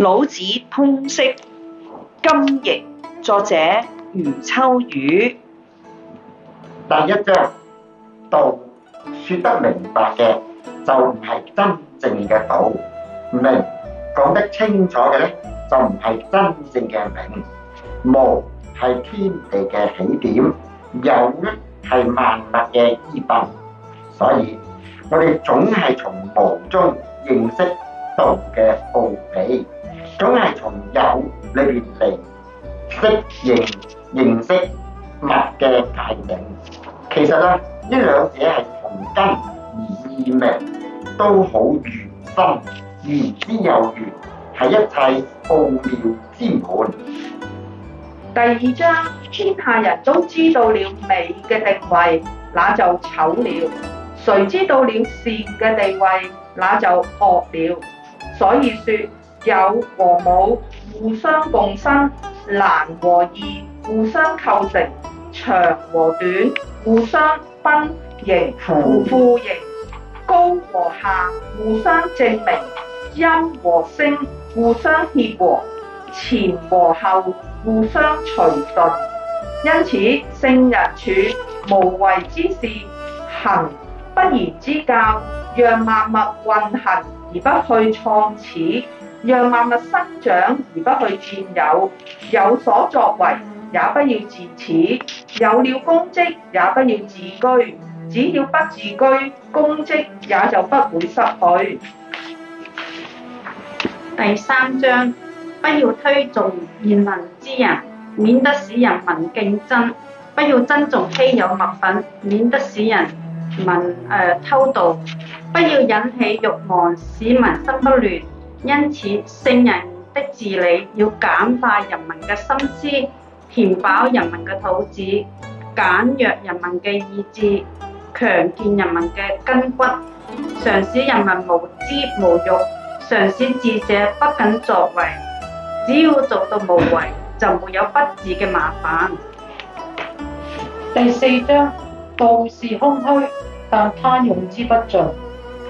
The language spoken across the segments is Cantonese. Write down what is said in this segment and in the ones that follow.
老子通釋今譯，作者余秋雨。第一章，道，說得明白嘅就唔係真正嘅道，明講得清楚嘅咧就唔係真正嘅明。無係天地嘅起點，有呢係萬物嘅依憑。所以我哋總係從無中認識到嘅奧秘。」總係從有裏邊嚟適應認識物嘅界定，其實咧呢兩者係同根而異名，都好玄深，玄之又玄係一切奧妙之門。第二章，天下人都知道了美嘅定位，那就醜了；誰知道了善嘅地位，那就惡了。所以說。有和冇互相共生，難和易互相構成，長和短互相賓盈富富盈，高和下互相證明，音和聲互相協和，前和後互相隨順。因此，聖人處無為之事，行不言之教，讓萬物運行而不去創始。讓萬物生長而不去佔有，有所作為也不要自恃，有了功績也不要自居，只要不自居，功績也就不會失去。第三章，不要推崇賢能之人，免得使人民競爭；不要珍重稀有物品，免得使人民呃偷盜；不要引起慾望，使民心不亂。因此，聖人的治理要簡化人民嘅心思，填飽人民嘅肚子，簡約人民嘅意志，強健人民嘅筋骨，常使人民無知無欲，常使智者不敢作為。只要做到無為，就沒有不治嘅麻煩。第四章，道是空虛，但它用之不盡。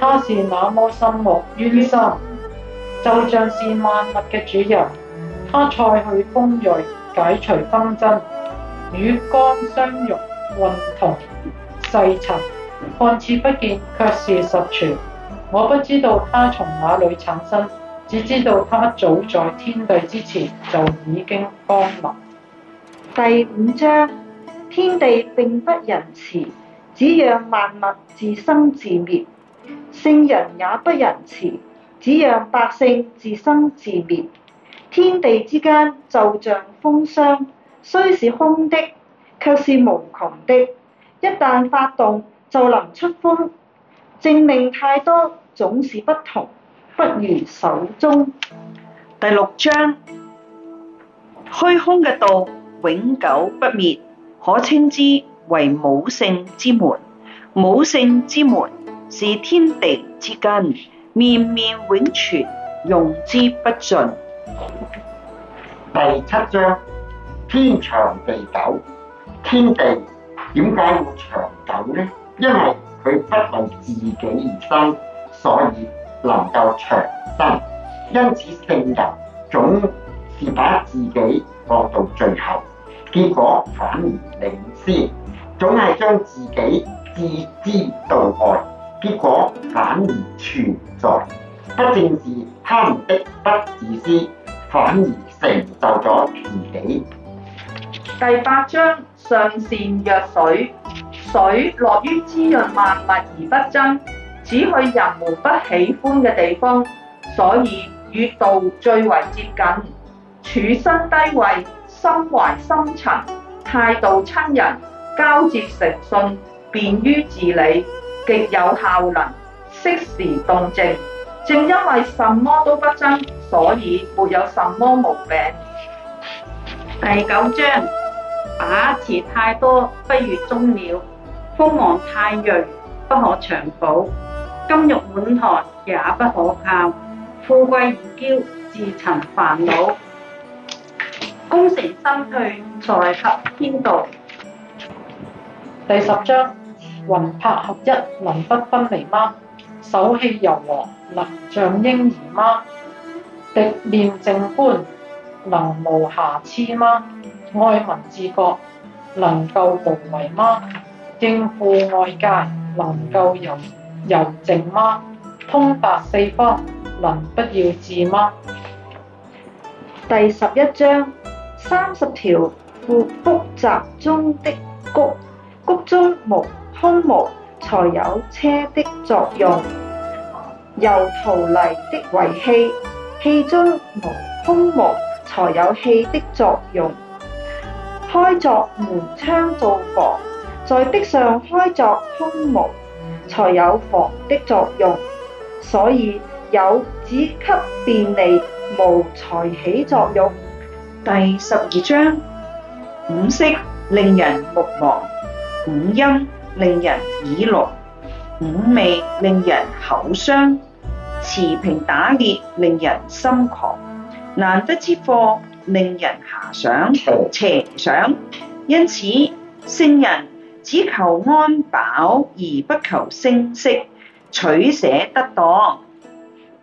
它是那麼深奧淵深。就像是萬物嘅主人，他挫去鋒銳，解除紛爭，與光相融，混同細塵，看似不見，卻是實存。我不知道他從哪裡產生，只知道他早在天地之前就已經光臨。第五章：天地並不仁慈，只讓萬物自生自滅；聖人也不仁慈。只讓百姓自生自滅，天地之間就像風箱，雖是空的，卻是無窮的。一旦發動，就能出風。政令太多總是不同，不如守中。第六章，虛空嘅道永久不滅，可稱之為母性之門。母性之門是天地之根。面面永存，用之不盡。第七章，天長地久。天地點解會長久呢？因為佢不為自己而生，所以能夠長生。因此，聖人總是把自己落到最後，結果反而領先，總係將自己置之度外。結果反而存在，不正是他們的不自私，反而成就咗自己？第八章，上善若水，水樂於滋潤萬物而不爭，只去人們不喜歡嘅地方，所以與道最為接近。處身低位，心懷深沉，態度親人，交接誠信，便於治理，極有效能，適時動靜。正因為什麼都不爭，所以沒有什麼毛病。第九章：把持太多不如終了，鋒芒太銳不可長保，金玉滿堂也不可靠，富貴而驕自尋煩惱，功成身退才合天道。第十章。魂魄合一能不分離嗎？手氣柔和能像嬰兒嗎？滌面正觀能無瑕疵嗎？愛民治國能夠無為嗎？應付外界能夠柔柔靜嗎？通達四方能不要智嗎？第十一章，三十條復復雜中的谷谷中無。空無才有車的作用，由陶泥的為器，器中無空無才有器的作用。開鑿門窗造房，在壁上開鑿空無才有房的作用。所以有只給便利，無才起作用。第十二章，五色令人目盲，五音，令人耳聾，五味令人口傷，馳騁打獵令人心狂，難得之貨令人遐想、邪想。因此，聖人只求安飽而不求聲色，取捨得當。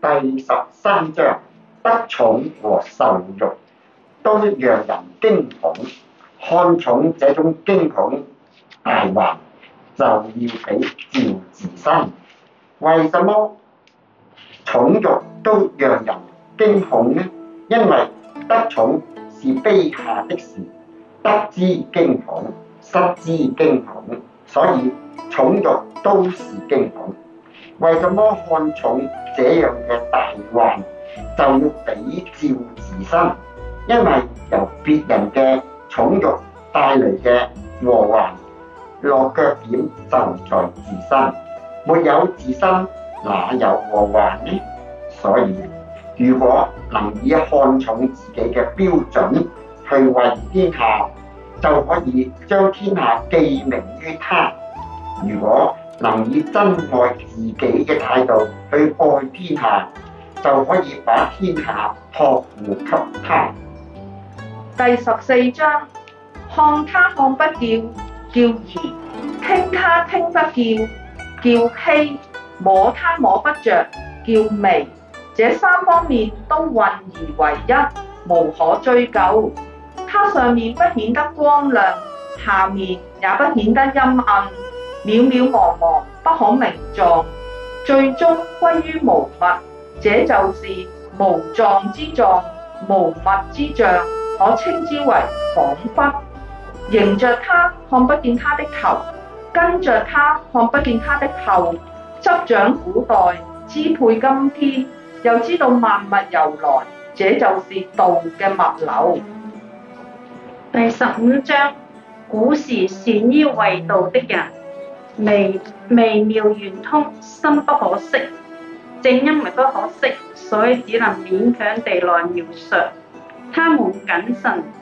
第十三章：得寵和受辱都讓人驚恐，看重這種驚恐，大患。就要比照自身。為什麼寵辱都讓人驚恐呢？因為得寵是卑下的事，得之驚恐，失之驚恐，所以寵辱都是驚恐。為什麼看重這樣嘅大患就要比照自身？因為由別人嘅寵辱帶嚟嘅禍患。落腳點就在自身，沒有自身，哪有和諧呢？所以，如果能以看重自己嘅標準去為天下，就可以將天下寄名於他；如果能以珍愛自己嘅態度去愛天下，就可以把天下託付給他。第十四章，看他看不掉。叫夷，聽他聽不見，叫希；摸他摸不着，叫微。這三方面都混而為一，無可追究。它上面不顯得光亮，下面也不顯得陰暗，渺渺茫茫，不可名狀，最終歸於無物。這就是無狀之狀，無物之象，可稱之為恍惚。迎着他，看不見他的頭；跟着他，看不見他的後。執掌古代，支配今天，又知道萬物由來，這就是道嘅脈絡。第十五章：古時善於為道的人，微微妙圓通，深不可識。正因為不可識，所以只能勉強地來描述。他們謹慎。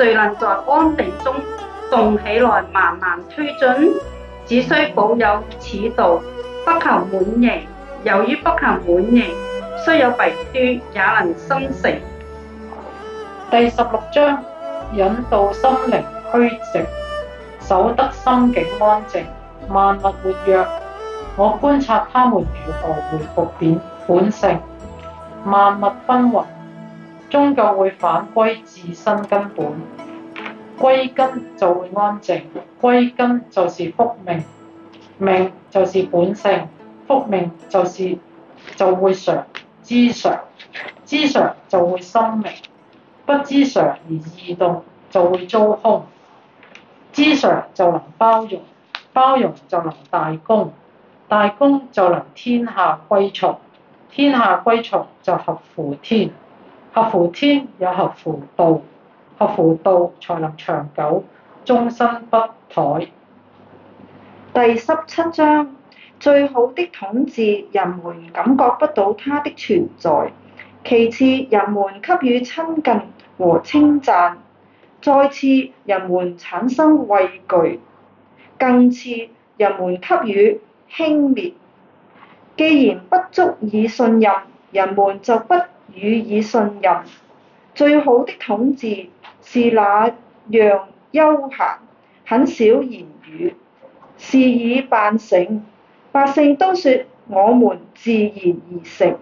誰能在安定中動起來，慢慢推進？只需保有此道，不求滿盈。由於不求滿盈，雖有弊端也能生成。第十六章，引導心靈虛靜，守得心境安靜，萬物活躍。我觀察他們如何回復本本性，萬物紛雲。終究會返歸自身根本，歸根就會安靜，歸根就是復命，命就是本性，復命就是就會常知常，知常就會生明，不知常而異動就會遭凶，知常就能包容，包容就能大公，大公就能天下歸從，天下歸從就合乎天。合乎天，也合乎道，合乎道才能長久，終生不殆。第十七章，最好的統治，人們感覺不到它的存在；其次，人們給予親近和稱讚，再次，人們產生畏懼，更次，人們給予輕蔑。既然不足以信任，人們就不。予以信任，最好的統治是那樣悠閒，很少言語，事已辦成，百姓都說我們自然而成。